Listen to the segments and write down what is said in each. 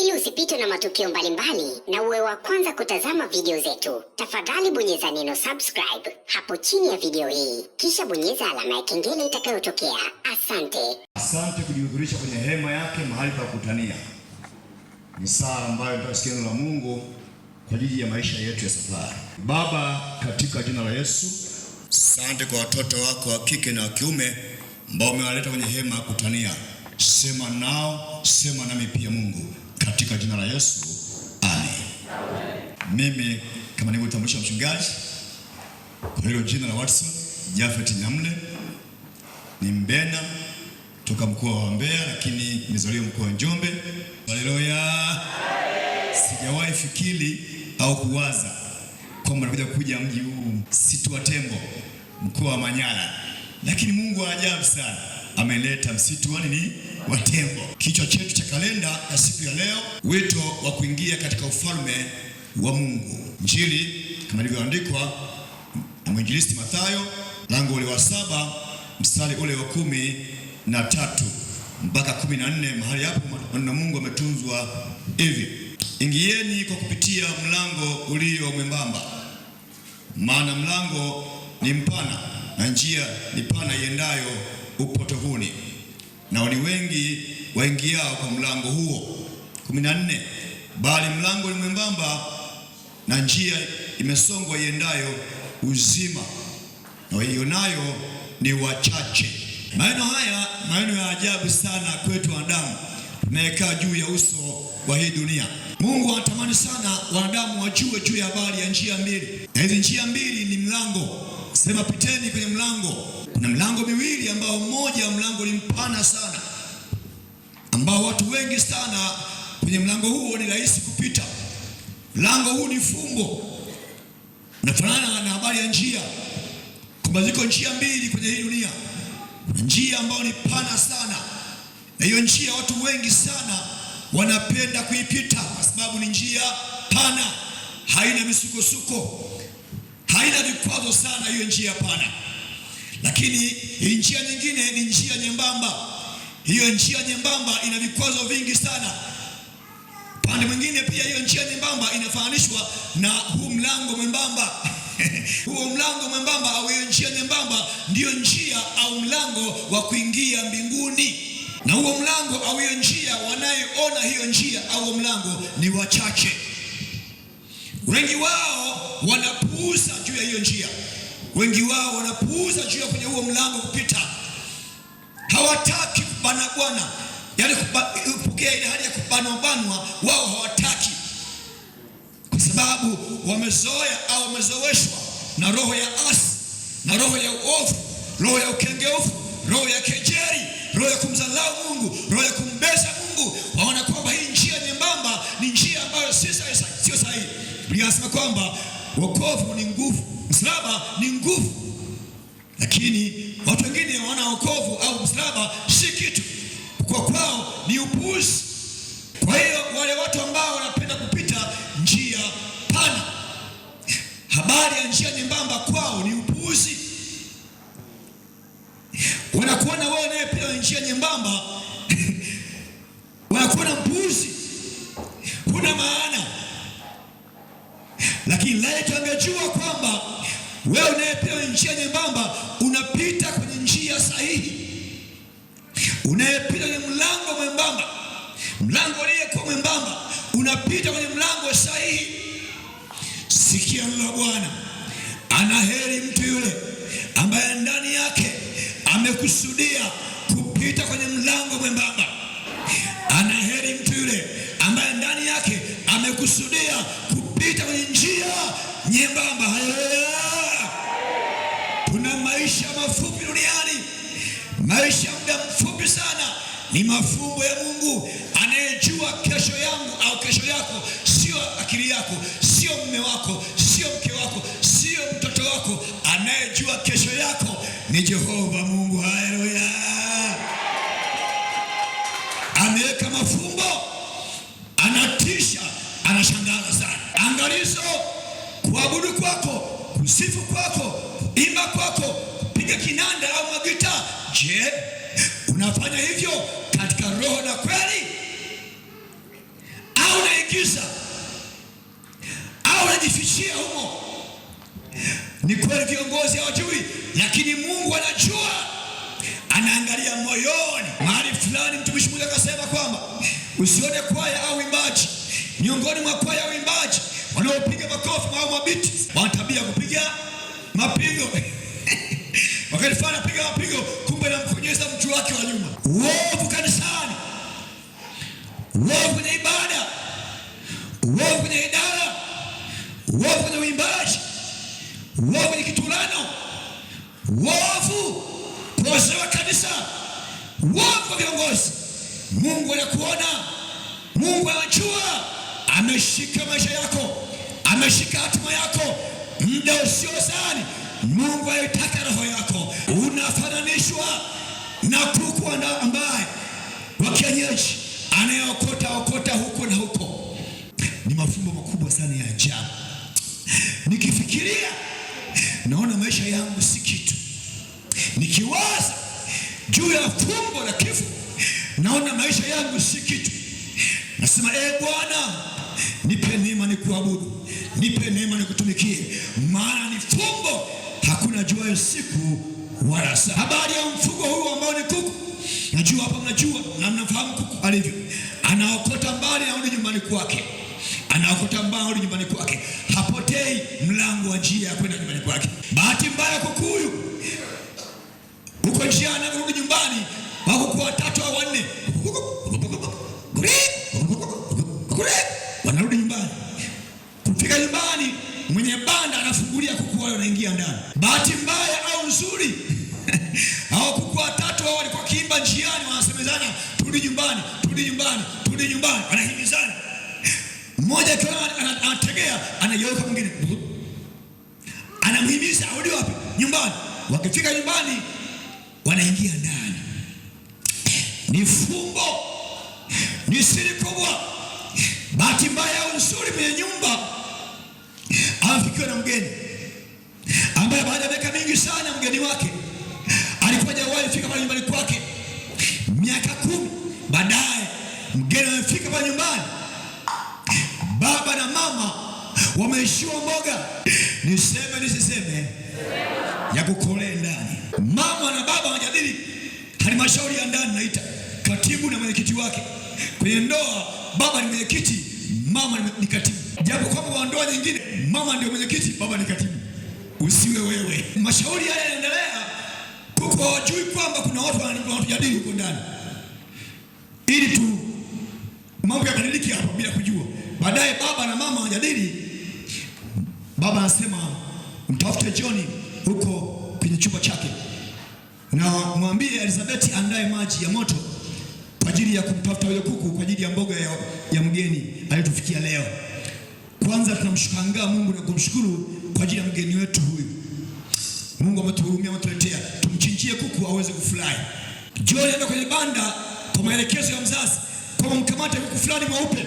Ili usipitwe na matukio mbalimbali na uwe wa kwanza kutazama video zetu, tafadhali bonyeza neno subscribe hapo chini ya video hii, kisha bonyeza alama ya kengele itakayotokea. Asante, asante kujihudhurisha kwenye hema yake mahali pa kukutania. Ni saa ambayo tutasikia neno la Mungu kwa ajili ya maisha yetu ya safari. Baba, katika jina la Yesu, asante kwa watoto wako wa kike na wa kiume ambao umewaleta kwenye hema ya kukutania. Sema nao, sema nami pia Mungu katika jina la Yesu amen. Mimi kama nilivyotambulisha mchungaji, kwa hilo jina la Watson Jafet Namle ni Mbena toka mkoa wa Mbeya, lakini nimezaliwa mkoa wa Njombe. Haleluya! Sijawahi fikiri au kuwaza kwamba nakuja kuja mji huu msitu wa tembo mkoa wa Manyara, lakini Mungu wa ajabu sana ameleta msitu wa nini wa tembo. Kichwa chetu cha kalenda ya siku ya leo, wito wa kuingia katika ufalme wa Mungu. Injili kama ilivyoandikwa na mwinjilisti Mathayo, lango ule wa saba mstari ule wa kumi na tatu mpaka kumi na nne mahali hapo maneno Mungu ametunzwa hivi: ingieni kwa kupitia mlango ulio mwembamba, maana mlango ni mpana na njia ni pana iendayo upotovuni nao ni wengi waingiao kwa mlango huo. kumi na nne bali mlango ni mwembamba na njia imesongwa iendayo uzima, na waionayo ni wachache. Maneno haya maneno ya ajabu sana kwetu wanadamu tunayekaa juu ya uso wa hii dunia. Mungu anatamani sana wanadamu wajue juu ya habari ya njia mbili, na hizi njia mbili ni mlango. Sema, piteni kwenye mlango kuna milango miwili ambao mmoja mlango ni mpana sana, ambao watu wengi sana kwenye mlango huo ni rahisi kupita. Mlango huu ni fumbo, unafanana na habari ya njia, kwamba ziko njia mbili kwenye hii dunia, njia ambayo ni pana sana, na hiyo njia watu wengi sana wanapenda kuipita kwa sababu ni njia pana, haina misukosuko, haina vikwazo sana, hiyo njia pana lakini njia nyingine ni njia nyembamba. Hiyo njia nyembamba ina vikwazo vingi sana. Upande mwingine pia hiyo njia nyembamba inafananishwa na huu mlango mwembamba huo mlango mwembamba au hiyo njia nyembamba ndiyo njia au mlango wa kuingia mbinguni, na huo mlango au hiyo njia, wanayeona hiyo njia au mlango ni wachache. Wengi wao wanapuuza juu ya hiyo njia. Wengi wao wanapuuza juu ya kwenye huo mlango kupita, hawataki kubana bwana, yani kupokea ile hali ya kubanwabanwa wao hawataki kwa sababu wamezoea au wamezoeshwa na roho ya asi na roho ya uovu, roho ya ukengeufu, roho ya kejeri, roho ya kumdharau Mungu, roho ya kumbeza Mungu. Waona kwamba hii njia nyembamba ni njia ambayo sio sahihi. Biblia inasema kwamba wokovu ni nguvu Msalaba ni nguvu, lakini watu wengine wana wokovu au msalaba si kitu, kwa kwao ni upuuzi. Kwa hiyo wale watu ambao wanapenda kupita njia pana, habari ya njia nyembamba kwao ni upuuzi. Wanakuona wewe pia njia nyembamba wanakuona mpuuzi, huna maana. Lakini laiti angejua kwamba wewe unayepewa njia nyembamba unapita kwenye njia sahihi, unayepita kwenye mlango mwembamba, mlango aliyekuwa mwembamba, unapita kwenye mlango sahihi. Sikia neno la Bwana. Anaheri mtu yule ambaye ndani yake amekusudia kupita kwenye mlango mwembamba. ni mafumbo ya Mungu anayejua kesho yangu au kesho yako, sio akili yako, sio mume wako, sio mke wako, sio mtoto wako. Anayejua kesho yako ni Jehova Mungu. Haleluya! Ameweka mafumbo, anatisha, anashangaza sana. Angalizo, kuabudu kwako, kusifu kwako, imba kwako, piga kinanda au magita. Je, unafanya hivyo? roho na kweli, au naigiza au najifichia humo? Ni kweli viongozi hawajui, lakini Mungu anajua, anaangalia moyoni. Mahali fulani mtumishi mmoja akasema kwamba usione kwaya au imbaji miongoni mwa kwaya au imbaji wanaopiga makofi au mabiti tabia kupiga mapigo wakati fulani anapiga mapigo, kumbe namkonyeza mtu wake wa nyuma wewe kwenye ibada, wewe kwenye idara, wewe kwenye uimbaji, wewe kwenye kitulano, wovu kuosewa kabisa, wovu kwa viongozi. Mungu anakuona, Mungu anajua, ameshika maisha yako, ameshika hatima yako muda usio sana. Mungu aitaka roho yako, unafananishwa na kuku ambaye wakienyeji anayeokota okota huko na huko. Ni mafumbo makubwa sana ya ajabu. Nikifikiria naona maisha yangu si kitu, nikiwaza juu ya fumbo la kifo naona maisha yangu si kitu. Nasema, ee Bwana, nipe neema nikuabudu, nipe neema nikutumikie, maana ni fumbo, hakuna jua ya siku wala saa. Habari ya mfugo huu ambao ni kuku, najua hapa mnajua na mnafahamu kuku alivyo anaokota mbali anarudi nyumbani kwake, anaokota mbali nyumbani kwake, hapotei mlango wa njia ya kwenda nyumbani kwake. Bahati mbaya kuku huyu uko njia anarudi nyumbani, wako kwa watatu au wanne, wanarudi nyumbani. Kufika nyumbani, mwenye banda anafungulia kuku wao, ndani. Bahati mbaya au nzuri hao kuku watatu hao walikuwa njiani, wanasemezana turudi nyumbani, turudi nyumbani nyumbani, anahimizana mmoja akiwa anategea anaiweka mwingine, anamhimiza arudi wapi? Nyumbani. Wakifika nyumbani, wanaingia ndani. Ni fumbo, ni siri kubwa. Bahati mbaya au nzuri, mwenye nyumba afikiwa na mgeni ambaye baada ya miaka mingi sana mgeni wake alikuwa hajawahi fika pale nyumbani kwake, miaka kumi baadaye Mgeni amefika pa nyumbani, baba na mama wameishiwa mboga. Niseme nisiseme, ya kukolea ndani. Mama na baba wanajadili halmashauri ya ndani, naita katibu na mwenyekiti wake kwenye ndoa. Baba ni mwenyekiti, mama ni katibu, japo kwamba wa ndoa nyingine mama ndio mwenyekiti, baba ni katibu. Usiwe wewe. Mashauri haya yanaendelea huko, wajui kwamba kuna watu wanajadili huko ndani ili tu mambo ya kliniki hapo bila kujua. Baadaye baba na mama wajadili, baba anasema mtafute John huko kwenye chumba chake na mwambie Elizabeth andae maji ya moto kwa ajili ya kumtafuta yule kuku kwa ajili ya mboga ya, ya mgeni aliyetufikia leo. Kwanza tunamshukanga Mungu na kumshukuru kwa ajili ya mgeni wetu huyu. Mungu ametuhurumia, ametuletea, tumchinjie kuku aweze kufurahi. John anaenda kwenye banda kwa maelekezo ya mzazi wamkamate kuku fulani mweupe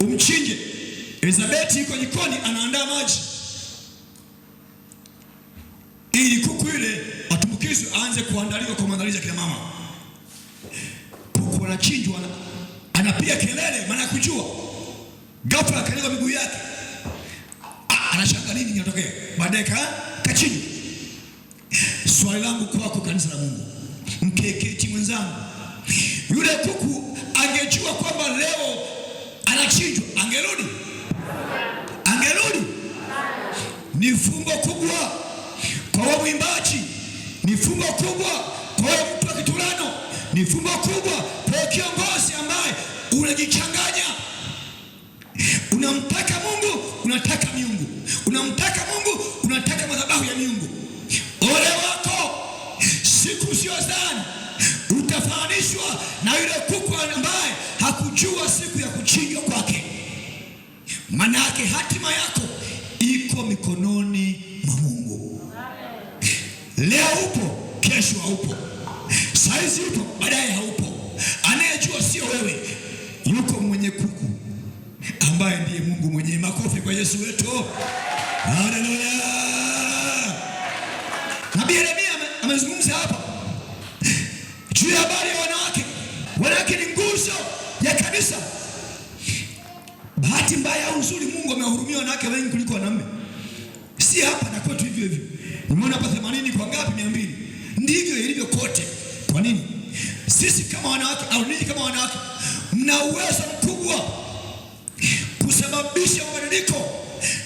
umchinje. Elizabeti yuko jikoni anaandaa maji ili kuku yule atumbukizwe, aanze kuandaliwa kwa maandalizi ya kina mama. Kuku anachinjwa, anapiga kelele, maana kujua ghafla akanyanyua miguu yake, ah, anashanga nini kinatokea. Baadaye kachinjwa. Swali langu kwako, kanisa la Mungu, mkeketi mwenzangu yule kuku angejua kwamba leo anachinjwa, angerudi? Angerudi? Ni fungo kubwa kwa mwimbaji, ni fungo kubwa kwa mtu wa kitulano, ni fungo kubwa kwa kiongozi ambaye unajichanganya, unampaka Mungu, unataka yake, hatima yako iko mikononi mwa Mungu. Leo upo, kesho haupo, saizi upo, baadaye haupo. Anayejua sio wewe, yuko mwenye kuku ambaye ndiye Mungu mwenyewe. Makofi kwa Yesu wetu, haleluya. Nabii Yeremia amezungumza hapa Bahati mbaya au uzuri, Mungu amehurumia wanawake wengi kuliko wanaume. Si hapa na kwetu hivyo hivyo. Umeona hapa 80 kwa ngapi? 200. Ndivyo ilivyo kote. Kwa nini? Sisi kama wanawake au ninyi kama wanawake mna uwezo mkubwa kusababisha mabadiliko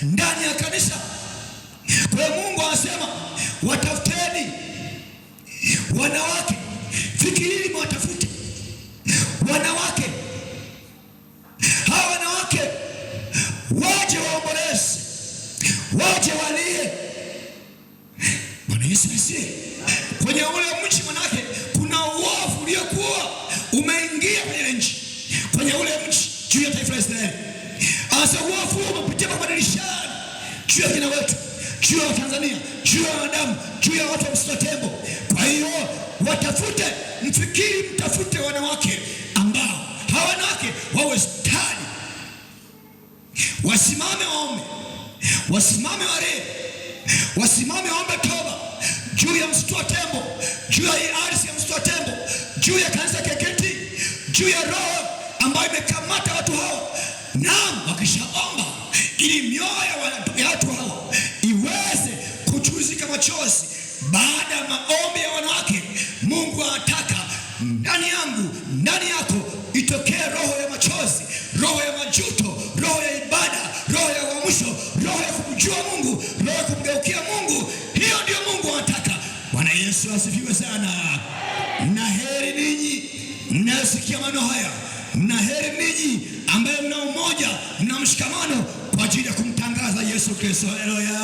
ndani ya kanisa. Kwa hiyo Mungu anasema watafuteni wanawake, fikirini mwatafute wanawake wote walie. Bwana Yesu asifiwe. Kwenye ule mji manake kuna uovu uliokuwa umeingia kwenye nchi, kwenye ule mji juu ya taifa la Israeli. Asa uovu umepitia mabadilishani juu ya kina wetu, juu ya Tanzania, juu ya wanadamu, juu ya watu wa msitu wa tembo. Kwa hiyo watafute, mfikiri, mtafute wanawake wasimame wale, wasimame waombe toba juu ya msitu wa tembo, juu ya ardhi ya msitu wa tembo, juu ya kanisa keketi juu ya roho ambayo imekamata watu hao. Naam, wakishaomba ili mioyo ya watu hao iweze kuchuruzika machozi baada ya maombi ya wanawake, Mungu anataka ndani yangu, ndani yako maneno haya, na heri miji ambayo mna umoja na mshikamano kwa ajili ya kumtangaza Yesu Kristo. Haleluya!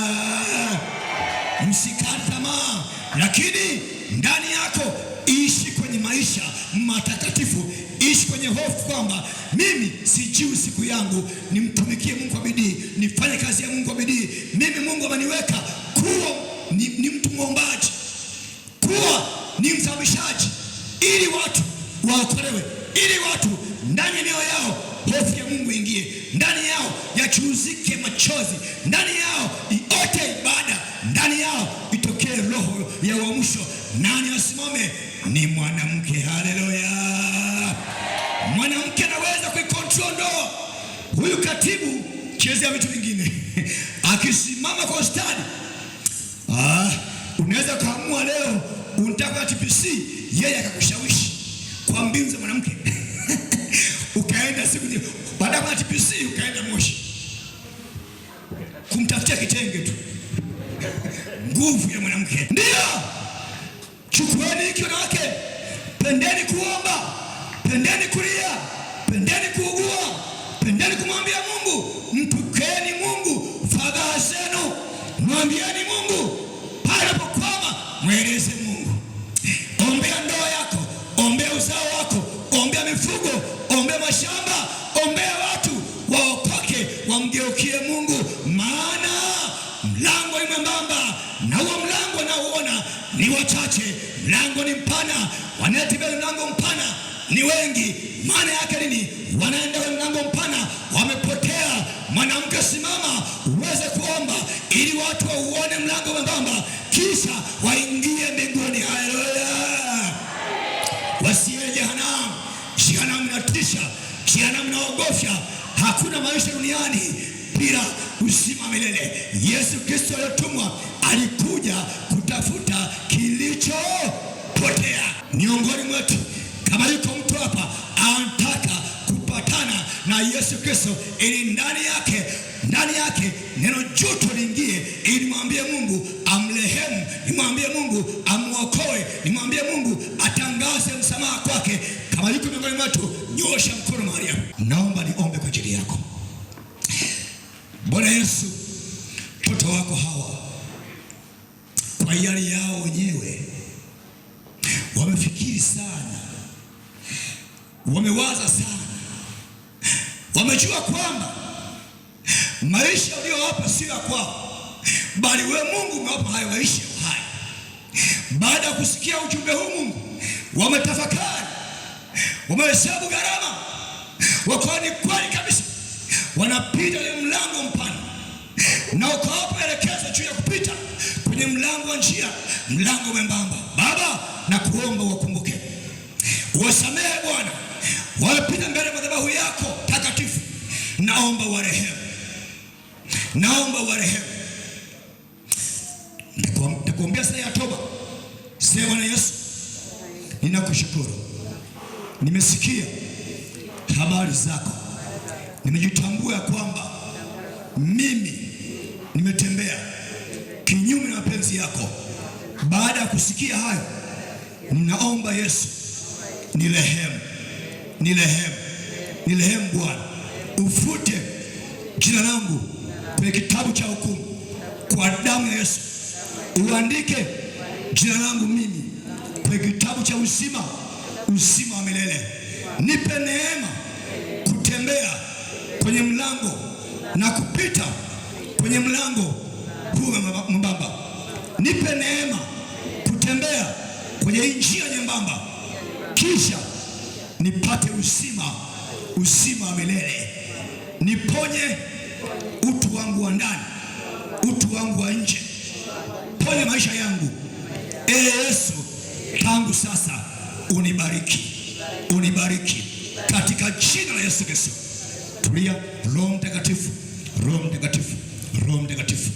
Msikate tamaa, lakini ndani yako ishi kwenye maisha matakatifu, ishi kwenye hofu kwamba mimi sijui siku yangu, nimtumikie Mungu kwa bidii. basi yeye akakushawishi kwa mbinu za mwanamke ukaenda siku hakuna maisha duniani bila uzima milele. Yesu Kristo aliyotumwa alikuja kutafuta kilichopotea miongoni mwetu. Kama yuko mtu hapa anataka kupatana na Yesu Kristo, ili ndani yake ndani yake neno joto liingie, ili nimwambie Mungu amrehemu, nimwambie Mungu amwokoe, nimwambie Mungu atangaze msamaha kwake. Kama yuko miongoni mwetu, nyosha mkono mahali hapa, naomba ni Bwana Yesu, mtoto wako hawa kwa yale yao wenyewe wamefikiri sana, wamewaza sana, wamejua kwamba maisha uliyowapa sio ya kwao, bali we Mungu umewapa hayo maisha haya. Baada ya kusikia ujumbe huu, Mungu wametafakari, wamehesabu gharama, wakawa kweli wanapita ile mlango mpana, na ukawapa elekezo juu ya kupita kwenye mlango wa njia, mlango mwembamba. Baba, na kuomba wakumbuke, wasamehe Bwana wamepita mbele madhabahu yako takatifu, naomba warehemu, naomba warehemu. Nikuombea sala ya toba. Sema Bwana Yesu, ninakushukuru, nimesikia habari zako nimejitambua ya kwamba mimi nimetembea kinyume na mapenzi yako. Baada ya kusikia hayo, ninaomba Yesu ni nirehemu, ni nirehemu Bwana, ufute jina langu kwenye kitabu cha hukumu kwa damu ya Yesu, uandike jina langu mimi kwenye kitabu cha uzima, uzima wa milele. Nipe neema kwenye mlango na kupita kwenye mlango huu mbaba. Nipe neema kutembea kwenye njia nyembamba, kisha nipate uzima, uzima wa milele. Niponye utu wangu wa ndani, utu wangu wa nje, ponye maisha yangu, ee Yesu, tangu sasa Biblia, Roho Mtakatifu, Roho Mtakatifu, Roho Mtakatifu.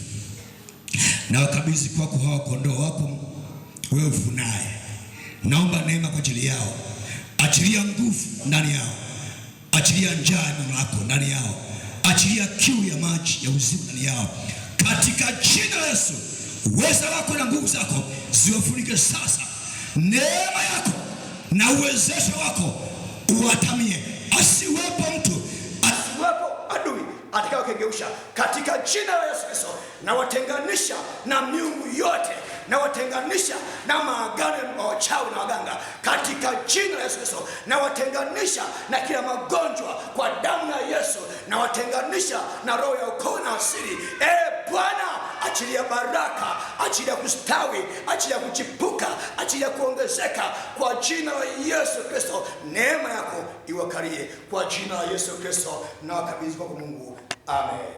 Na wakabidhi kwako hawa kondoo wako wewe ufunaye, naomba neema kwa ajili yao, achilia nguvu ndani yao, achilia njaa lako ndani yao, achilia kiu ya maji ya uzima ndani yao, katika jina la Yesu. Uweza wako na nguvu zako ziwafunike sasa, neema yako na uwezesho wako uwatamie, asiwepo mtu atakayo kengeucha katika jina la Yesu Kristo, nawatenganisha na miungu yote, nawatenganisha na maagano ya wachawi na waganga katika jina la Yesu Kristo, nawatenganisha na kila magonjwa kwa damu ya Yesu, nawatenganisha na roho ya ukoo na asili. E Bwana ajili ya baraka, achili ya kustawi, achili ya kuchipuka, ajili ya kuongezeka kwa jina la Yesu Kristo. Neema yako iwakalie kwa jina la Yesu Kristo, na wakabidhi kwa Mungu. Amen.